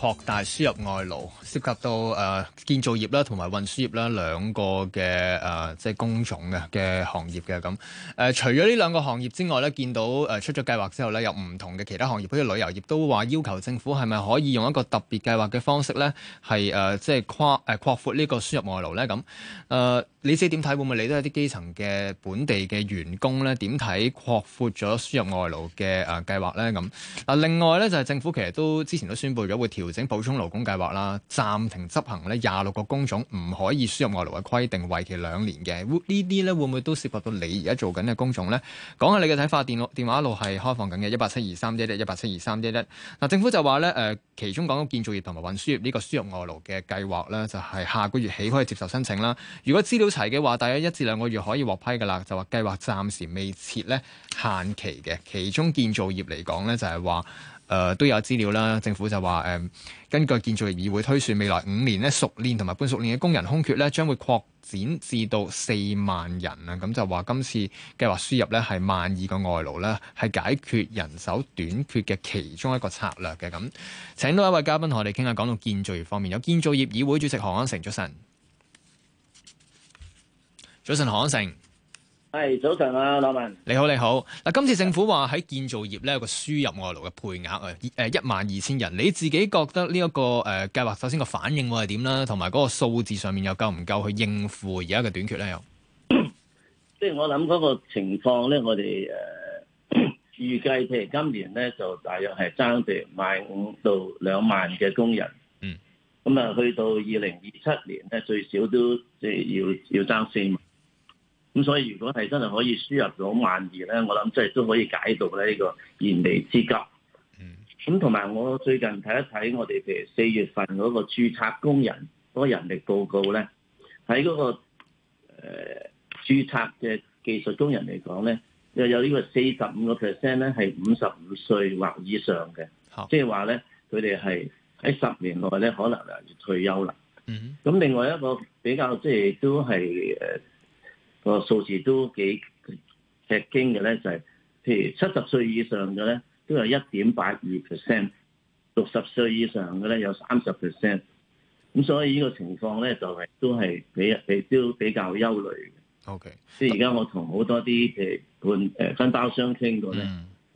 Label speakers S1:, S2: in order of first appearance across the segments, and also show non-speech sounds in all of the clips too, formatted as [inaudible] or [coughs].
S1: 擴大輸入外勞，涉及到誒、呃、建造業啦，同埋運輸業啦，兩個嘅誒即係工種嘅嘅行業嘅咁。誒、呃，除咗呢兩個行業之外咧，見到誒、呃、出咗計劃之後咧，有唔同嘅其他行業，譬如旅遊業都話要求政府係咪可以用一個特別計劃嘅方式咧，係誒、呃、即係擴誒擴闊呢個輸入外勞咧咁。誒、呃，你自己點睇？會唔會理得一啲基層嘅本地嘅員工咧？點睇擴闊咗輸入外勞嘅誒計劃咧？咁、呃、嗱，另外咧就係、是、政府其實都之前都宣布咗會調。調整補充勞工計劃啦，暫停執行咧廿六個工種唔可以輸入外勞嘅規定，為期兩年嘅。這些呢啲咧會唔會都涉及到你而家做緊嘅工種呢？講下你嘅睇法。電路電話一路係開放緊嘅，一八七二三一一一八七二三一一。嗱，政府就話呢，誒、呃，其中講到建造業同埋運輸業呢個輸入外勞嘅計劃呢，就係、是、下個月起可以接受申請啦。如果資料齊嘅話，大約一至兩個月可以獲批噶啦。就話計劃暫時未設咧限期嘅。其中建造業嚟講呢，就係話。誒、呃、都有資料啦，政府就話誒、嗯、根據建造業議會推算，未來五年咧熟練同埋半熟練嘅工人空缺咧將會擴展至到四萬人啊！咁就話今次計劃輸入咧係萬二個外勞咧，係解決人手短缺嘅其中一個策略嘅咁。請到一位嘉賓同我哋傾下，講到建造業方面，有建造業議會主席何安誠，早晨，早晨何安誠。
S2: 係，早晨啊，老文。
S1: 你好，你好。嗱，今次政府話喺建造業咧有個輸入外勞嘅配額啊，誒，一萬二千人。你自己覺得呢一個誒計劃，首先個反應會係點啦？同埋嗰個數字上面又夠唔夠去應付而家嘅短缺咧？又，
S2: 即 [coughs] 係我諗嗰個情況咧，我哋誒預計，譬如今年咧就大約係爭住萬五到兩萬嘅工人。嗯。咁啊，去到二零二七年咧，最少都即係要要爭四萬。咁所以如果係真係可以輸入到萬二咧，我諗即係都可以解到咧呢個燃眉之急。嗯。咁同埋我最近睇一睇我哋譬如四月份嗰個註冊工人嗰人力報告咧，喺嗰、那個誒、呃、註冊嘅技術工人嚟講咧，又有呢個四十五個 percent 咧係五十五歲或以上嘅，即係話咧佢哋係喺十年內咧可能就退休啦。嗯。咁另外一個比較即係都係誒。呃個數字都幾劇驚嘅咧，就係、是、譬如七十歲以上嘅咧，都係一點八二 percent；六十歲以上嘅咧，有三十 percent。咁所以呢個情況咧，就係都係比比都比較憂慮嘅。OK，即係而家我同好多啲、呃 mm. 譬如半分包商傾過咧，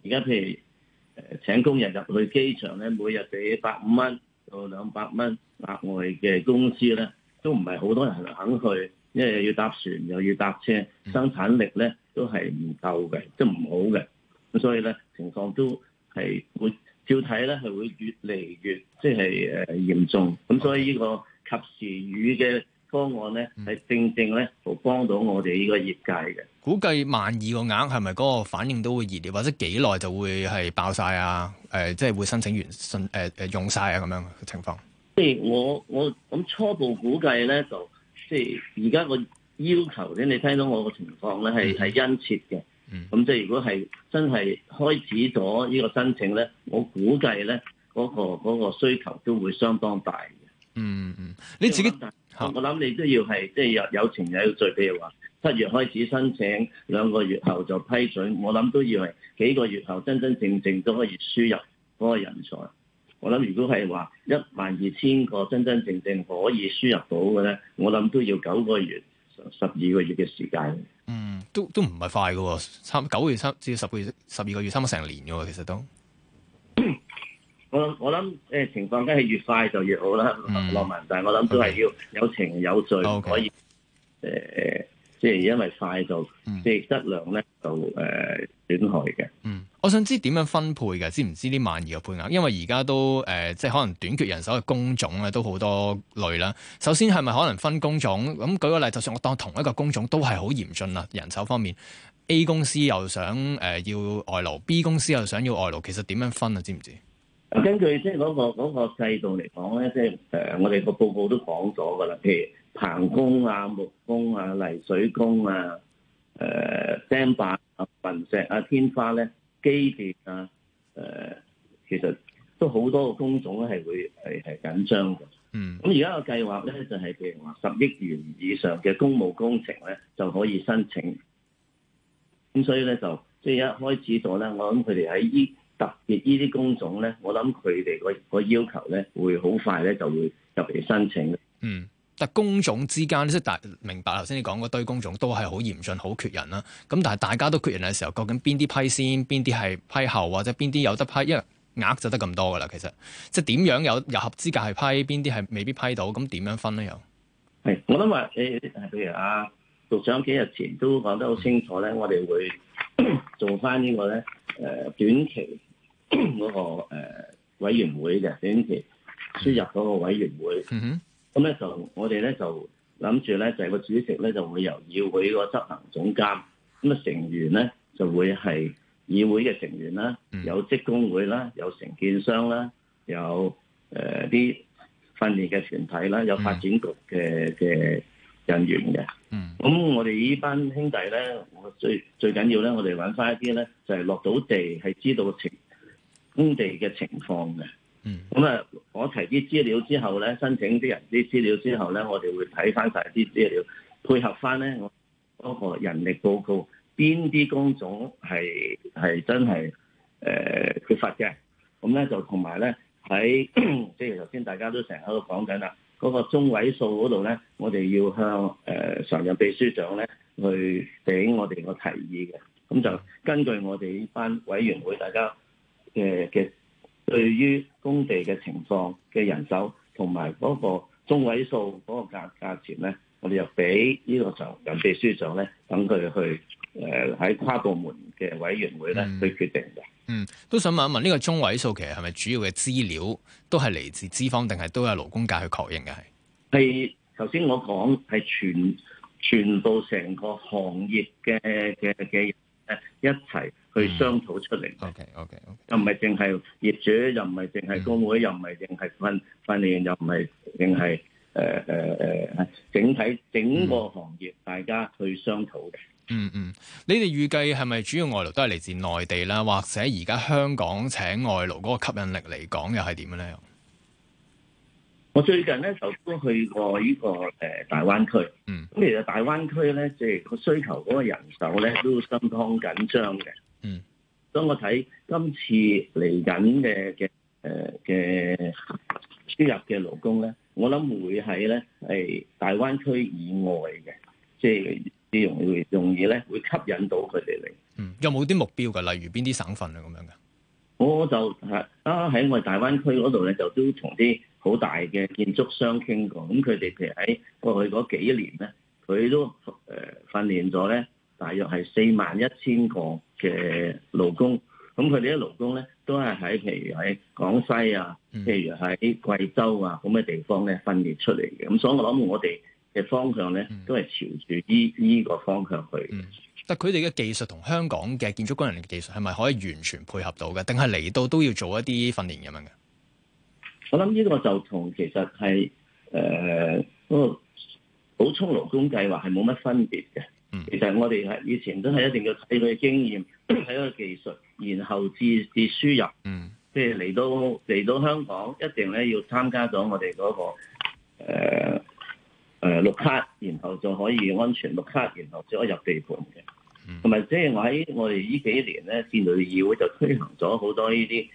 S2: 而家譬如誒請工人入去機場咧，每日俾百五蚊到兩百蚊額外嘅工資咧，都唔係好多人肯去。因為又要搭船又要搭車，生產力咧都係唔夠嘅，即係唔好嘅。咁所以咧情況都係會照睇咧係會越嚟越即係
S1: 誒嚴重。咁
S2: 所以呢個及時雨嘅方案咧係正正咧就幫到我哋呢個業界嘅、
S1: 嗯。估計萬二個額係咪嗰個反應都會熱烈，或者幾耐就會係爆晒啊？誒、呃、即、就、係、是、會申請完，誒、呃、誒用晒啊？咁樣嘅情況。
S2: 即係我我咁初步估計咧就。即係而家個要求咧，你聽到我個情況咧，係係殷切嘅。咁即係如果係真係開始咗呢個申請咧，我估計咧嗰個、嗰個嗰個需求都會相當大嘅。嗯
S3: 嗯，
S2: 你自己我諗你都要係即係有有情有罪。譬如話七月開始申請，兩個月後就批准，我諗都要係幾個月後真真正正都可以輸入嗰個人才。我諗，如果係話一萬二千個真真正正可以輸入到嘅咧，我諗都要九個月、十二個
S1: 月嘅時間。嗯，都都唔係快㗎，差九個月差至十個月、十二個月，個月差唔多成年嘅，其實都。 [coughs]
S2: 我我諗，誒、呃，情況梗係越快就越好啦，落、嗯、文但係我諗都係要有情有序、okay. 可以，誒、okay. 呃，即係因為快就即係質量咧就誒損害嘅。嗯。
S1: 我想知點樣分配嘅，知唔知呢萬二嘅配額？因為而家都誒、呃，即係可能短缺人手嘅工種咧，都好多類啦。首先係咪可能分工種？咁舉個例，就算我當同一個工種都係好嚴峻啊，人手方面。A 公司又想誒、呃、要外勞，B 公司又想要外勞，其實點樣分啊？知唔知？
S2: 根據即係嗰個制度嚟講咧，即係誒我哋個報告都講咗噶啦，譬如棚工啊、木工啊、泥水工啊、誒釘板啊、雲石啊、天花咧。機電啊，誒、呃，其實都好多個工種係會係係緊張嘅。嗯，咁而家個計劃咧就係、是、譬如話十億元以上嘅公務工程咧就可以申請。咁所以咧就即係一開始咗咧，我諗佢哋喺特別呢啲工種咧，我諗佢哋個個要求咧會好快咧就會入嚟申請。嗯。
S1: 但工種之間，即係大明白頭先你講嗰堆工種都係好嚴峻、好缺人啦。咁但係大家都缺人嘅時候，究竟邊啲批先，邊啲係批後，或者邊啲有得批，因為額就得咁多噶啦。其實即係點樣有入合資格係批，邊啲係未必批到，咁點樣分呢？又
S2: 係我諗話誒，譬如啊，局長幾日前都講得好清楚咧，mm -hmm. 我哋會做翻、這、呢個咧誒、呃，短期嗰、那個誒、呃呃、委員會嘅短期輸入嗰個委員會。Mm -hmm. 咁咧就我哋咧就諗住咧就係個主席咧就會由議會個執行總監，咁啊成員咧就會係議會嘅成員啦，有職工會啦，有承建商啦，有誒啲訓練嘅團體啦，有發展局嘅嘅、mm. 人員嘅。咁、mm. 我哋呢班兄弟咧，我最最緊要咧，我哋揾翻一啲咧就係落到地係知道個情工地嘅情況嘅。嗯，咁啊，我提啲資料之後咧，申請啲人啲資料之後咧，我哋會睇翻晒啲資料，配合翻咧我嗰個人力報告，邊啲工種係真係誒缺乏嘅，咁、呃、咧就同埋咧喺即係頭先大家都成日喺度講緊啦，嗰、嗰個中位數嗰度咧，我哋要向誒常任秘書長咧去俾我哋個提議嘅，咁就根據我哋呢班委員會大家嘅嘅。呃對於工地嘅情況嘅人手同埋嗰個中位數嗰個價價錢咧，我哋又俾、這個、呢個就人哋書上咧，等佢去誒喺、呃、跨部門嘅委員會咧去決
S1: 定嘅、嗯。嗯，都想問一問呢、這個中位數其實係咪主要嘅資料都係嚟自資方定係都有勞工界去確認嘅？係
S2: 係頭先我講係全全部成個行業嘅嘅嘅誒一齊。去商討出嚟 okay,，OK OK，又唔係淨係業主，又唔係淨係工會，嗯、又唔係淨係訓訓練又唔係淨係誒誒誒，整體整個行業
S1: 大家去商討嘅。嗯嗯，你哋預計係咪主要外勞都係嚟自內地啦？或者而家香港請外勞嗰個吸引力嚟講，又係點嘅咧？
S2: 我最近咧就都去過個、嗯、呢個誒大灣區，咁其實大灣區咧，即係個需求嗰個人手咧都相當緊張嘅。嗯，所以我睇今次嚟緊嘅嘅誒嘅輸入嘅勞工咧，我諗會喺咧係大灣區以外嘅，即係易容易容易咧會吸引到佢哋嚟。嗯，
S1: 有冇啲目標噶？例如邊啲省份啊？咁樣噶？
S2: 我就啊喺我哋大灣區嗰度咧，就都同啲好大嘅建築商傾過，咁佢哋其實喺過去嗰幾年咧，佢都誒訓練咗咧。大約係四萬一千個嘅勞工，咁佢哋啲勞工咧都係喺譬如喺廣西啊，嗯、譬如喺貴州啊，咁嘅地方咧訓練出嚟嘅。咁所以我諗，我哋嘅方向咧、嗯、都係朝住依依個方向去的、嗯。
S1: 但佢哋嘅技術同香港嘅建築工人嘅技術係咪可以完全配合到嘅？定係嚟到都要做一啲訓練咁樣嘅？我諗呢個就
S2: 同其實係誒、呃嗰個補充勞工計劃係冇乜分別嘅。嗯、其實我哋係以前都係一定要睇佢嘅經驗，睇佢技術，然後至至輸入。嗯，即係嚟到嚟到香港，一定咧要參加咗我哋嗰、那個誒誒、呃呃、綠卡，然後就可以安全綠卡，然後就可以入地盤嘅。同埋即係我喺我哋呢幾年咧，建造業議會就推行咗好多呢啲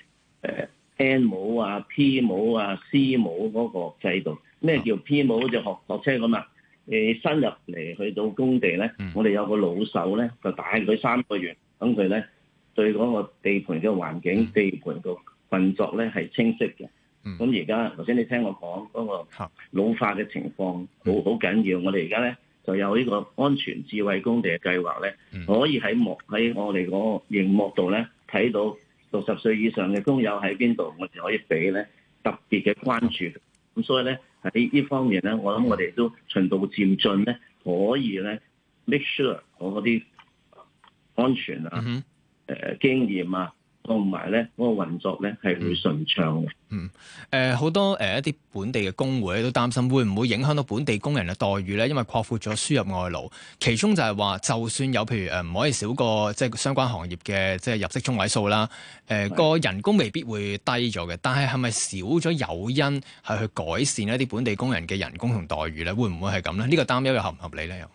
S2: 誒 A 模啊、呃、N 模啊、P 模啊、C 模嗰個制度。咩叫 P 模就學學車咁啊？誒新入嚟去到工地咧，我哋有個老手咧，就帶佢三個月，等佢咧對嗰個地盤嘅環境、嗯、地盤個運作咧係清晰嘅。咁而家頭先你聽我講嗰、嗰個老化嘅情況，好好緊要。我哋而家咧就有呢個安全智慧工地嘅計劃咧，可以喺幕喺我哋嗰個熒幕度咧睇到六十歲以上嘅工友喺邊度，我哋可以俾咧特別嘅關注。咁、嗯、所以咧。喺呢方面咧，我諗我哋都循序漸進咧，可以咧 make sure 我啲安全啊、誒經驗啊。同埋咧，嗰個運作咧係會
S1: 順暢嘅，嗯。嗯，誒、呃、好多誒一啲本地嘅工會都擔心，會唔會影響到本地工人嘅待遇咧？因為擴闊咗輸入外勞，其中就係話，就算有譬如誒唔可以少過即係相關行業嘅即係入職中位數啦。誒、呃、個人工未必會低咗嘅，但係係咪少咗誘因係去改善一啲本地工人嘅人工同待遇咧？會唔會係咁咧？呢、這個擔憂又合唔合理咧？又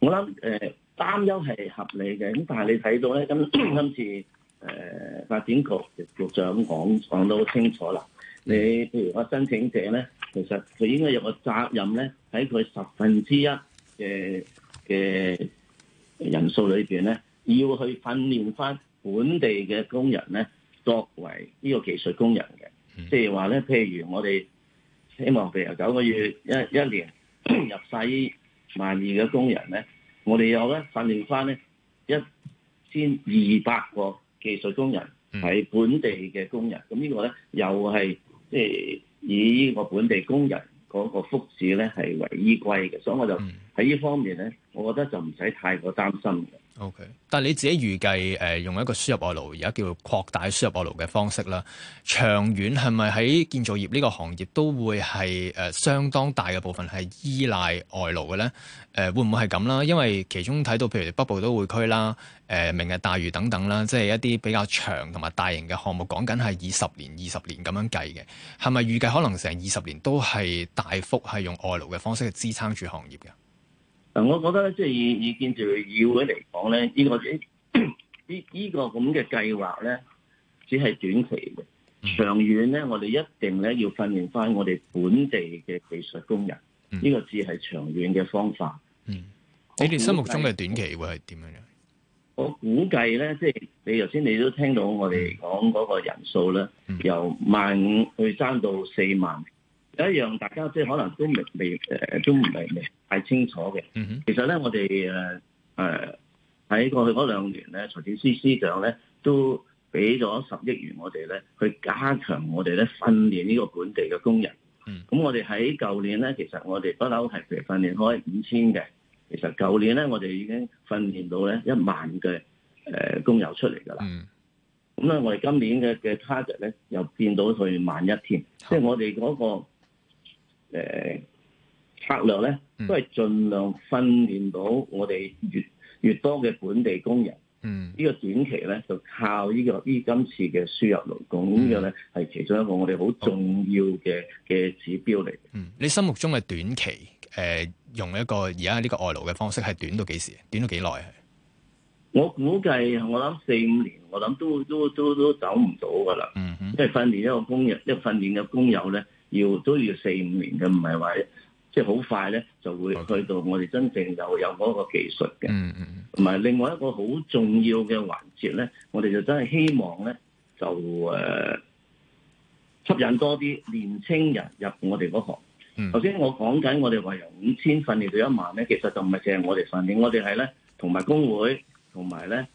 S1: 我諗誒、呃、擔憂係合理嘅，
S2: 咁但係你睇到咧，今今次。 [coughs] 誒發展局局長講講得好清楚啦，mm. 你譬如個申請者咧，其實佢應該有個責任咧，喺佢十分之一嘅嘅人數裏面咧，要去訓練翻本地嘅工人咧，作為呢個技術工人嘅，即係話咧，譬如我哋希望譬如九個月一一年 [coughs] 入世萬二嘅工人咧，我哋有咧訓練翻咧一千二百個。技術工人喺本地嘅工人，咁呢個咧又係即係以呢個本地工人嗰個福祉咧係為依歸嘅，所以我就喺呢方面咧，我覺得就唔使太過擔心。
S1: O.K. 但係你自己預計誒用一個輸入外勞而家叫做擴大輸入外勞嘅方式啦，長遠係咪喺建造業呢個行業都會係誒、呃、相當大嘅部分係依賴外勞嘅咧？誒、呃、會唔會係咁啦？因為其中睇到譬如北部都會區啦、誒、呃、明日大嶼等等啦，即係一啲比較長同埋大型嘅項目，講緊係以十年、二十年咁樣計嘅，係咪預計可能成二十年都係大幅係用外勞嘅方式去支撐住行業嘅？
S2: 嗱，我覺得咧，即係意意見就要會嚟講咧，依、這個依依依咁嘅計劃咧，這個、這只係短期嘅。長遠咧，我哋一定咧要訓練翻我哋本地嘅技術工人。呢、這個只係長遠嘅方法。嗯，
S3: 你哋心目中嘅
S2: 短期會係點樣？我估計咧，即係你頭先你都聽到我哋講嗰個人數咧、嗯嗯，由 1, 5, 3, 萬五去增到四萬。有一樣大家即係可能都未未誒，都唔係未，未，未，未太清楚嘅。其實咧，我哋誒誒喺過去嗰兩年咧，財政司司長咧都俾咗十億元我哋咧，去加強我哋咧訓練呢個本地嘅工人。咁、嗯嗯、我哋喺舊年咧，其實我哋不嬲係譬如訓練開五千嘅，其實舊年咧我哋已經訓練到咧一萬嘅誒工友出嚟㗎啦。咁、嗯、咧、嗯嗯嗯，我哋今年嘅嘅 target 咧又變到去萬一天，即係我哋嗰、嗰個。誒、呃，策略咧都係盡量訓練到我哋越越多嘅本地工人。嗯，呢、這個短期咧就靠呢、這個呢今次嘅輸入勞工咁嘅咧係其中一個我哋好重要
S1: 嘅嘅指標嚟。嗯，你心目中嘅短期誒、呃，用一個而家呢個外勞嘅方式係短到幾時？短咗幾耐？
S2: 我估計我諗四五年，我諗都都都都走唔到噶啦。嗯哼，因為訓練一個工人，即係訓練嘅工友咧。要都要四五年嘅，唔係話，即係好快咧，就會去到我哋真正就有嗰個技術嘅。嗯嗯，同埋另外一個好重要嘅環節咧，我哋就真係希望咧，就誒、呃、吸引多啲年青人入我哋嗰行。頭、嗯、先我講緊，我哋話由五千訓練到一萬咧，其實就唔係淨係我哋訓練，我哋係咧同埋工會同埋咧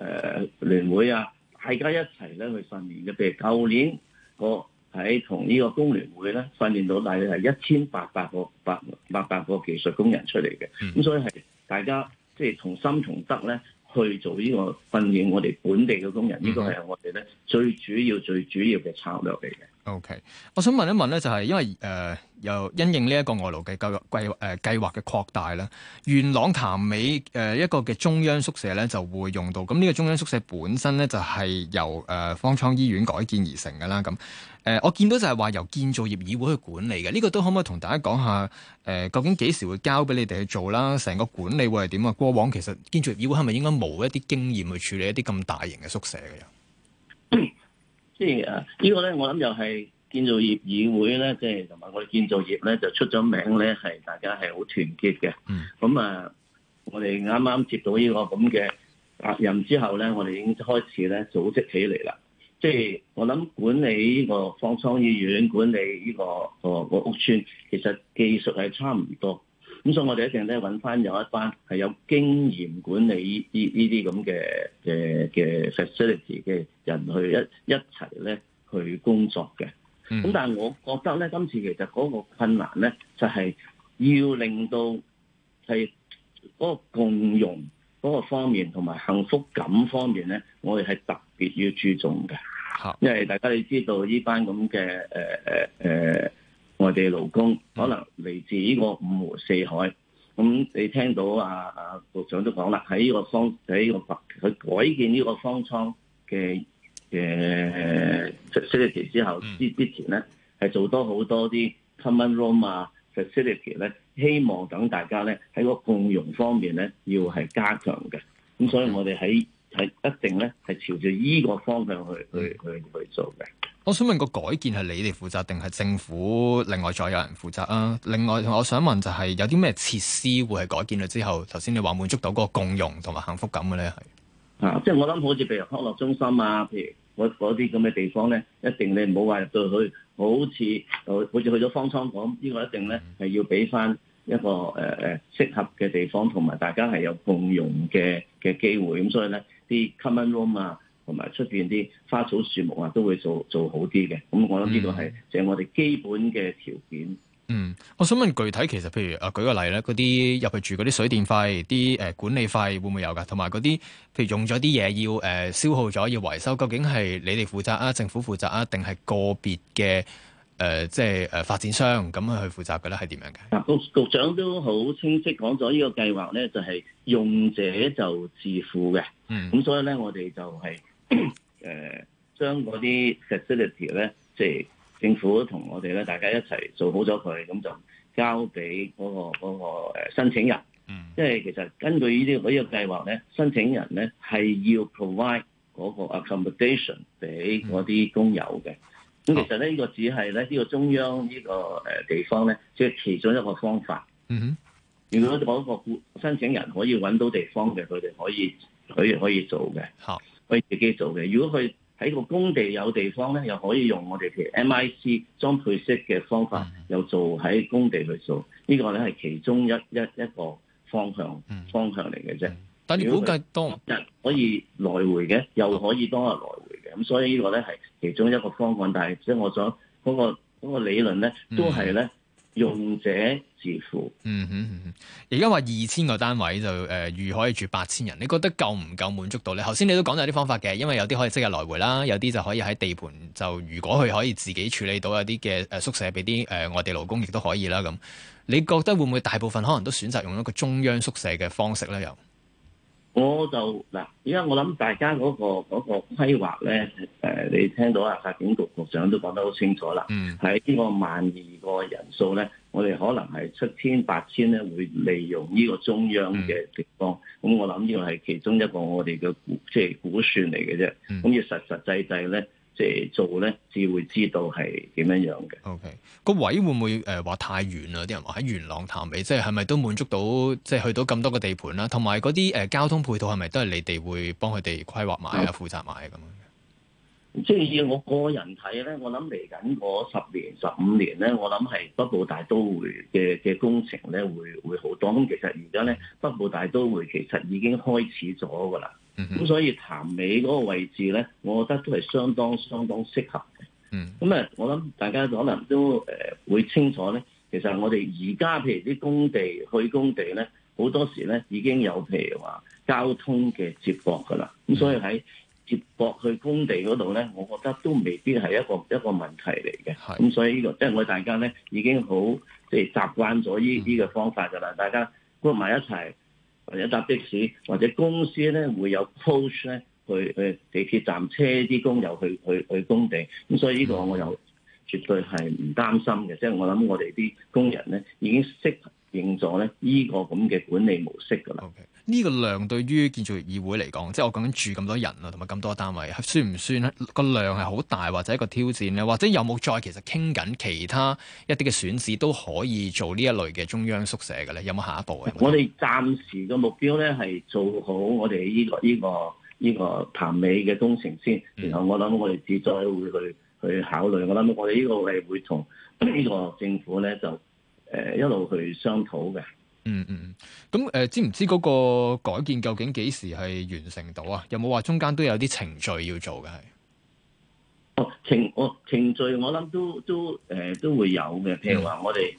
S2: 誒聯會啊，大家一齊咧去訓練嘅。譬如舊年個。喺同呢個工聯會咧訓練到大約係一千八百個八八百個技術工人出嚟嘅，咁所以係大家即係、就是、同心同德咧去做呢個訓練我哋本地嘅工人，呢個係我哋咧最主要最主要嘅策略嚟嘅。
S1: O、okay. K，我想問一問咧，就係因為誒又、呃、因應呢一個外勞嘅計計誒計劃嘅擴大咧，元朗潭尾誒一個嘅中央宿舍咧就會用到。咁、這、呢個中央宿舍本身咧就係由誒方艙醫院改建而成㗎啦。咁、呃、誒，我見到就係話由建造業議會去管理嘅。呢、這個都可唔可以同大家講下誒、呃，究竟幾時會交俾你哋去做啦？成個管理會係點啊？過往其實建造業議會係咪應該冇一啲經驗去處理一啲咁大型嘅宿舍嘅？
S2: 即係啊！呢個咧，我諗又係建造業議會咧，即係同埋我哋建造業咧，就出咗名咧，係大家係好
S1: 團結嘅。嗯。
S2: 咁啊，我哋啱啱接到呢個咁嘅責任之後咧，我哋已經開始咧組織起嚟啦。即係我諗管理呢個方艙醫院，管理呢個個個屋邨，其實技術係差唔多。咁所以，我哋一定咧揾翻有一班係有經驗管理呢呢呢啲咁嘅嘅嘅 facility 嘅人去一一齊咧去工作嘅。咁、嗯、但係，我覺得咧，今次其實嗰個困難咧，就係、是、要令到係嗰個共融嗰個方面同埋幸福感方面咧，我哋係特別要注重嘅、啊。因為大家你知道呢班咁嘅誒誒誒。呃呃外地勞工可能嚟自呢個五湖四海，咁你聽到啊啊局長都講啦，喺呢個方喺呢、呢個佢改建呢個方艙嘅嘅、呃、facility 之後，之之前咧係做多好多啲 common room 啊 facility 咧，希望等大家咧喺個共融方面咧要係加強嘅，咁所以我哋喺喺一定咧係朝住呢個方向去的去去去做嘅。
S1: 我想問個改建係你哋負責定係政府另外再有人負責啊？另外我想問就係、是、有啲咩設施會係改建咗之後，頭先你話滿足到嗰個共用同埋幸福感嘅咧係啊？即、就、係、是、我諗好似譬如康樂中心啊，譬如嗰啲咁嘅地方咧，一定你唔好話入到去，好
S2: 似好似去咗方艙房，呢、這個一定咧係、嗯、要俾翻一個誒誒適合嘅地方，同埋大家係有共用嘅嘅機會。咁所以咧啲 common room 啊。同埋出邊啲花草樹木啊，都會做做好啲嘅。咁我諗呢個係就係我哋基本嘅條件。
S1: 嗯，我想問具體，其實譬如啊，舉個例咧，嗰啲入去住嗰啲水電費、啲誒、呃、管理費會唔會有噶？同埋嗰啲，譬如用咗啲嘢要誒、呃、消耗咗要維修，究竟係你哋負責啊，政府負責啊，定係個別嘅誒，即係誒發展商咁樣去負責嘅咧？係點樣嘅？
S2: 嗱，局局長都好清晰講咗呢個計劃咧，就係、是、用者就自負嘅。
S3: 嗯，咁
S2: 所以咧，我哋就係、是。誒、呃，將嗰啲 facility 咧，即係政府同我哋咧，大家一齊做好咗佢，咁就交俾嗰、嗰個、嗰個誒申請人。嗯，即係其實根據這個計劃呢啲呢個計劃咧，申請人咧係要 provide 嗰個 accommodation 俾嗰啲工友嘅。咁、嗯、其實咧呢、這個只係咧呢個中央呢個誒地方咧，即、就、係、是、其中一個方法。嗯哼，如果嗰個申請人可以揾到地方嘅，佢哋可以佢哋可以做嘅。好。可以自己做嘅。如果佢喺個工地有地方咧，又可以用我哋譬如 M I C 裝配式嘅方法，嗯、又做喺工地去做。呢、這個咧係其中一一一個方向、嗯、方向嚟嘅啫。但係你估計當日可以來回嘅、嗯，又可以當日來回嘅。咁所以呢個咧係其中一個方案，但係即係我想嗰、嗰個嗰個理論咧都係咧。嗯嗯
S1: 用者自負，嗯哼，而家話二千個單位就誒，預可以住八千人，你覺得夠唔夠滿足到咧？頭先你都講咗啲方法嘅，因為有啲可以即日來回啦，有啲就可以喺地盤就，如果佢可以自己處理到，有啲嘅宿舍俾啲誒外地勞工亦都可以啦。咁，你覺得會唔會大部分可能都選擇用一個中央宿舍嘅方式呢？又？
S2: 我就嗱，而家我諗大家嗰個嗰個規劃咧，誒，你聽到啊，發展局局長都講得好清楚啦。嗯。喺呢個萬二個人數咧，我哋可能係七千八千咧，會利用呢個中央嘅地方。嗯。咁我諗呢個係其中一個我哋嘅估，即係估算嚟嘅啫。嗯。咁要實實際際咧。即係做咧，至會知道係點樣樣
S3: 嘅。O K，
S1: 個位會唔會誒話、呃、太遠啦？啲人話喺元朗潭尾，即係係咪都滿足到，即係去到咁多個地盤啦？同埋嗰啲誒交通配套係咪都係你哋會幫佢哋規劃埋啊，負責埋咁樣？
S2: 即係以我個人睇咧，我諗嚟緊嗰十年、十五年咧，我諗係北部大都會嘅嘅工程咧會會好多。咁其實而家咧，北部大都會其實已經開始咗噶啦。咁、mm -hmm. 所以潭尾嗰個位置咧，我覺得都係相當相當適合嘅。咁、mm、啊 -hmm.，我諗大家可能都誒、呃、會清楚咧，其實我哋而家譬如啲工地去工地咧，好多時咧已經有譬如話交通嘅接駁噶啦。咁、mm -hmm. 所以喺接駁去工地嗰度咧，我覺得都未必係一個一個問題嚟嘅。咁、mm -hmm. 所以呢、這個即係我哋大家咧已經好即係習慣咗呢呢個方法噶啦，mm -hmm. 大家 group 埋一齊。或者搭的士，或者公司咧會有 coach 咧去去地鐵站車啲工友去去去工地，咁所以呢個我又絕對係唔擔心嘅，即係 Mm-hmm. 我諗我哋啲工人咧已經適應咗咧呢個咁嘅管理模式㗎啦。Okay.
S1: 呢、這個量對於建造業議會嚟講，即係我講緊住咁多人啊，同埋咁多單位，算唔算個量係好大，或者一個挑戰咧？或者有冇再其實傾緊其他一啲嘅選址都可以做呢一類嘅中央宿舍嘅咧？有冇下一步嘅？我哋
S2: 暫時嘅目標咧係做好我哋呢、這個呢、這個呢、這個潭尾嘅工程先，然後我諗我哋只再會去去考慮。我諗我哋呢個係會同呢個政府咧就誒、呃、一路去商討嘅。
S1: 嗯嗯嗯，咁、嗯、誒，知唔知嗰個改建究竟幾時係完成到啊？有冇話中間都有啲程序要做嘅？係哦程哦
S2: 程序我都，我諗都都誒、呃、都會有嘅，譬如話我哋誒、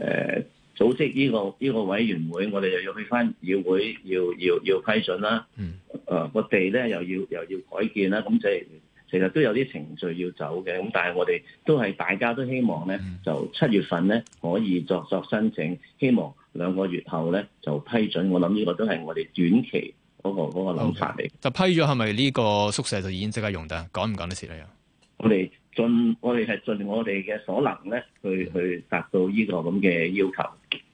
S2: 呃、組織呢、呢個呢、呢個委員會，我哋又要去翻議會，要要要，要批准啦。嗯。誒、呃，個地咧又要又要改建啦，咁即係其實都有啲程序要走嘅。咁但係我哋都係大家都希望咧，就七月份咧可以作作申請，希望。兩個月後咧就批准，我諗呢個都係我哋短期嗰個嗰個諗法嚟。Okay.
S1: 就批咗，係咪呢個宿舍就已經即刻用得？趕唔趕得切啊？我哋盡我哋係盡我哋嘅所能咧，去去達到呢個咁嘅要求。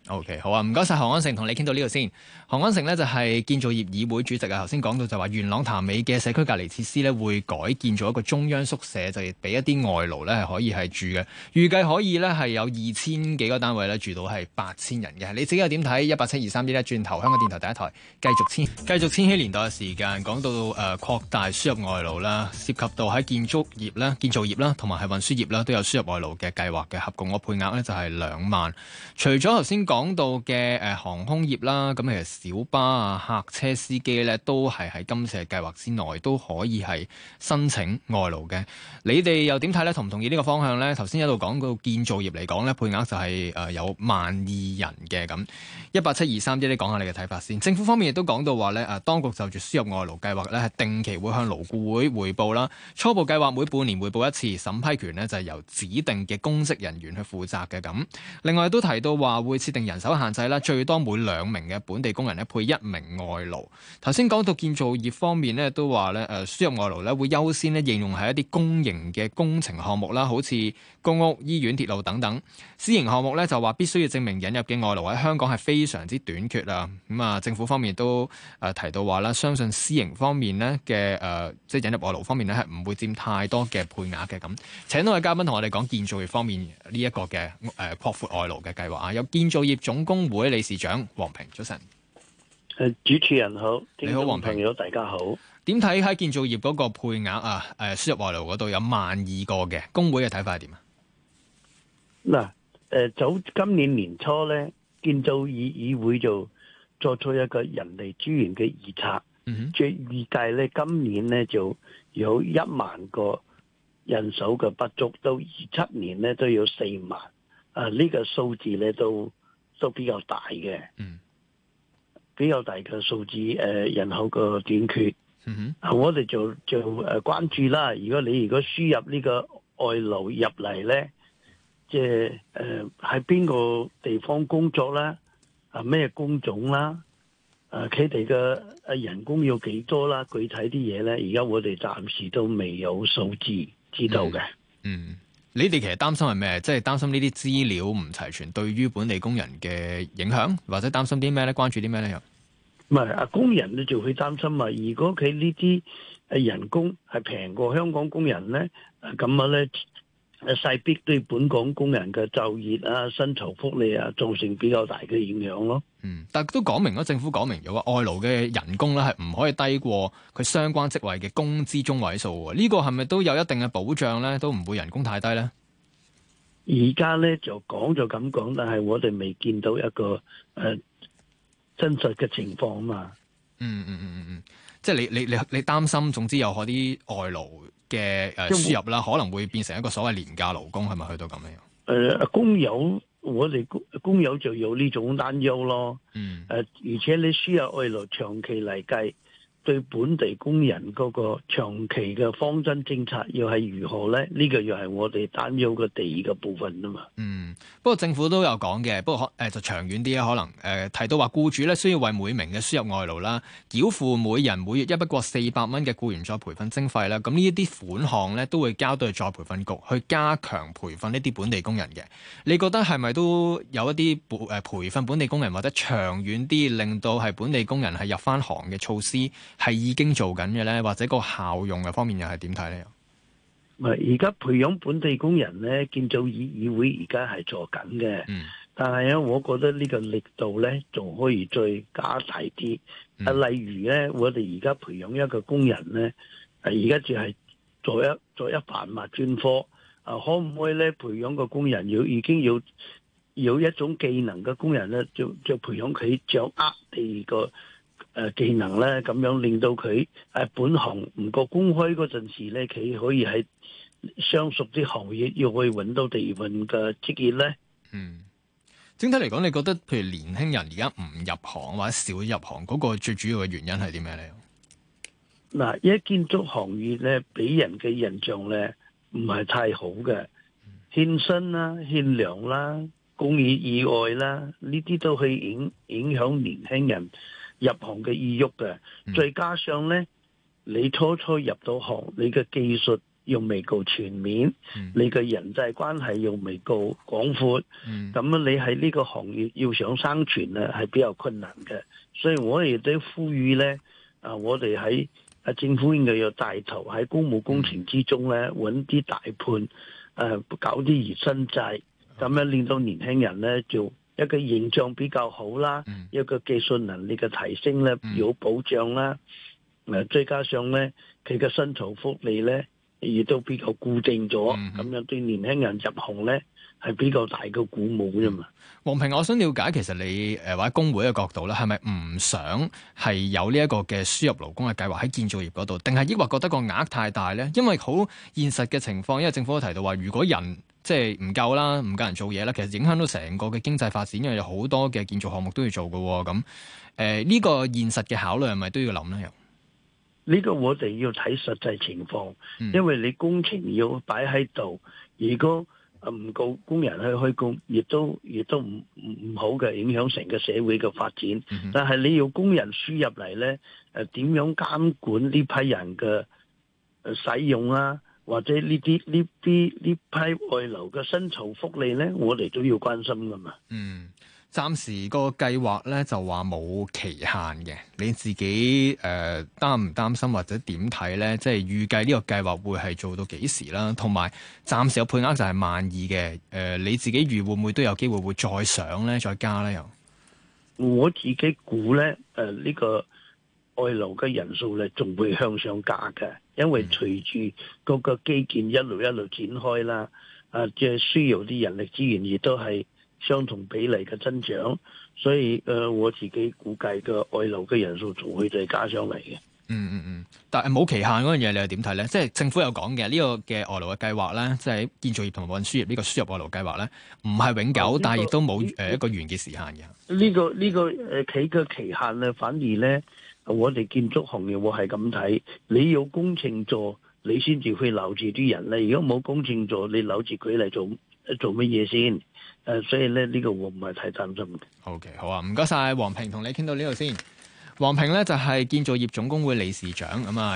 S1: O.K. 好啊，唔該晒。何安誠，同你傾到呢度先。何安誠呢，就係建造業議會主席啊。頭先講到就話元朗潭尾嘅社區隔離設施呢，會改建造一個中央宿舍，就俾一啲外勞呢係可以係住嘅。預計可以呢，係有二千幾個單位呢住到係八千人嘅。你自己又點睇？一八七二三 D 呢，轉頭香港電台第一台繼續千繼續千禧年代嘅時間，講到誒、呃、擴大輸入外勞啦，涉及到喺建築業啦、建造業啦，同埋係運輸業啦都有輸入外勞嘅計劃嘅合共嘅配額呢，就係兩萬。除咗頭先講。講到嘅誒航空業啦，咁其實小巴啊、客車司機咧，都係喺今次嘅計劃之內，都可以係申請外勞嘅。你哋又點睇咧？同唔同意呢個方向咧？頭先一路講到建造業嚟講咧，配額就係誒有萬二人嘅咁。一八七二三一，你講下你嘅睇法先。政府方面亦都講到話咧，誒當局就住輸入外勞計劃咧，係定期會向勞顧會彙報啦。初步計劃每半年彙報一次，審批權咧就係由指定嘅公職人員去負責嘅咁。另外都提到話會設定。人手限制啦，最多每兩名嘅本地工人咧配一名外勞。頭先講到建造業方面咧，都話咧誒輸入外勞咧會優先咧應用喺一啲公營嘅工程項目啦，好似。公屋、醫院、鐵路等等，私營項目咧就話必須要證明引入嘅外勞喺香港係非常之短缺啦。咁啊，政府方面都誒提到話啦，相信私營方面咧嘅誒，即、呃、係、就是、引入外勞方面咧係唔會佔太多嘅配額嘅咁。請到位嘉賓同我哋講建造業方面呢一個嘅誒擴闊外勞嘅計劃啊！有建造業總工會理事長黃平，早晨。誒，主持人好，你好，黃平，大家好。點睇喺建造業嗰個配額啊？誒，輸入外勞嗰度有萬二個嘅工會嘅睇法係點啊？
S4: 嗱，誒、呃，早今年年初咧，建造議議會就作出一個人力資源嘅預測，即係預計咧，今年咧就有一萬個人手嘅不足，到二七年咧都有四萬，啊、呃，呢、這個數字咧都都比較大嘅，嗯、mm -hmm.，比較大嘅數字，誒、呃，人口嘅短缺，嗯、mm、哼 -hmm.，我哋就就誒關注啦。如果你如果輸入呢個外勞入嚟咧，即係誒，喺邊個地方工作啦？啊，咩工種啦？誒、啊，佢哋嘅誒人工要幾多啦？具體啲嘢咧，而家我哋暫時都未有數字知道嘅、嗯。嗯，
S1: 你哋其實擔心係咩？即係擔心呢啲資料唔齊全，對於本地工人嘅影響，或者擔心啲咩咧？關注啲咩咧？又
S4: 唔係啊？工人咧就會擔心啊！如果佢呢啲誒人工係平過香港工人咧，咁啊咧？勢必對本港工人嘅就業啊、薪酬福利啊造成比較大嘅影響咯。嗯，
S1: 但都講明咗，政府講明咗話，外勞嘅人工咧係唔可以低過佢相關職位嘅工資中位數。呢個係咪都有一定嘅保障咧？都唔會人工太低咧？
S4: 而家咧就講就咁講，但係我哋未見到一個誒、呃、真實嘅情況啊嘛。嗯嗯嗯嗯
S1: 嗯，即係你你你你擔心，總之有嗰啲外勞。嘅誒輸入啦，可能會變成一個所謂廉價勞工，係咪去到咁樣？
S4: 誒、呃、工友，我哋工工友就有呢種擔憂咯。嗯。誒，而且你輸入外勞長期嚟計。對本地工人嗰個長期嘅方針政策又係如何呢？呢、這個又係我哋擔憂嘅第二個部分
S1: 啊嘛。嗯，不過政府都有講嘅，不過可誒、呃、就長遠啲啊，可能誒、呃、提到話，雇主咧需要為每名嘅輸入外勞啦，繳付每人每月一筆過四百蚊嘅僱員再培訓徵費啦。咁呢一啲款項咧都會交到去再培訓局去加強培訓呢啲本地工人嘅。你覺得係咪都有一啲培培訓本地工人或者長遠啲令到係本地工人係入翻行嘅措施？係已經做緊嘅咧，或者個效用嘅方面又係點睇咧？
S4: 係而家培養本地工人咧，建造業議會而家係做緊嘅。嗯，但係咧，我覺得呢個力度咧，仲可以再加大啲。啊，例如咧，我哋而家培養一個工人咧，啊，而家就係做一做一繁物專科。啊，可唔可以咧培養個工人要已經要有一種技能嘅工人咧，就就培養佢掌握第二個。誒、呃，技能咧，咁樣令到佢誒、呃，本行唔覺公開嗰陣時咧，佢可以喺相熟啲行業，要去搵到地運
S1: 嘅職業咧。嗯，整體嚟講，你覺得譬如年輕人而家唔入行或者少入行，嗰、那個最主要嘅原因係啲咩咧？
S4: 嗱、呃，一建築行業咧，俾人嘅印象咧，唔係太好嘅，欠薪啦，欠糧啦，工業意外啦、啊，呢啲都可以影影響年輕人入行嘅意欲嘅，再加上咧，你初初入到行，你嘅技術又未夠全面，嗯、你嘅人際關係又未夠廣闊，咁、嗯、啊，這樣你喺呢個行業要想生存咧，係比較困難嘅。所以我哋都呼籲咧，啊，我哋喺啊政府應該要帶頭喺公務工程之中咧，揾啲大判，誒、啊，搞啲熱身制咁樣令到年輕人咧就。一個形象比較好啦，一個技術能力嘅提升咧有保障啦，誒、嗯、再加上咧佢嘅薪酬福利咧亦都比較固定咗，咁樣、嗯、對年輕人入行咧係比較大嘅鼓舞啫嘛。
S1: 黃平，我想了解，其實你誒、呃、或者工會嘅角度咧，係咪唔想係有呢一個嘅輸入勞工嘅計劃喺建造業嗰度，定係抑或覺得個額太大咧？因為好現實嘅情況，因為政府都提到話，如果人即係唔夠啦，唔夠人做嘢啦，其實影響到成個嘅經濟發展，因為有好多嘅建築項目都要做噶，咁誒呢個現實嘅考慮係咪都要諗咧？又、
S4: 這、呢個我哋要睇實際情況，因為你工程要擺喺度，如果唔夠工人去開工，亦都亦都唔唔好嘅，影響成個社會嘅發展。嗯、但係你要工人輸入嚟呢，誒點樣監管呢批人嘅使用啊？或者呢啲呢啲呢批外流嘅薪酬福利咧，我哋都要關心㗎嘛。嗯，
S1: 暫時個計劃咧就話冇期限嘅。你自己誒、呃、擔唔擔心或者點睇咧？即係預計呢個計劃會係做到幾時啦？同埋暫時有配額就係萬二嘅。誒、呃，你自己預會唔會都有機會會再上咧？再加咧又？
S4: 我自己估咧，誒、呃、呢、這個。外勞嘅人數咧，仲會向上加嘅，因為隨住嗰個基建一路一路展開啦、嗯，啊，即係輸入啲人力資源，亦都係相同比例嘅增長，所以誒、呃，我自己估計嘅外勞嘅人數仲會再加上嚟嘅。嗯嗯
S1: 嗯，但係冇期限嗰樣嘢，你又點睇咧？即、就、係、是，政府有講嘅、這個、呢個嘅外勞嘅計劃咧，即、就、係、是、建造業同運輸業呢個輸入外勞計劃咧，唔係永久，這個、但係亦都冇誒一個完結時限嘅。
S4: 呢、這個呢、這個誒，佢、這、嘅、個、期限咧，反而咧。我哋建築行業我係咁睇，你有工程做，你先至去留住啲人咧。如果冇工程做，你留住佢嚟做，做乜嘢先？誒、呃，所以咧呢個我唔係太擔心嘅。Okay，
S1: 好啊，唔該晒，黃平同你傾到呢度先。黃平咧就係建造業總工會理事長咁啊。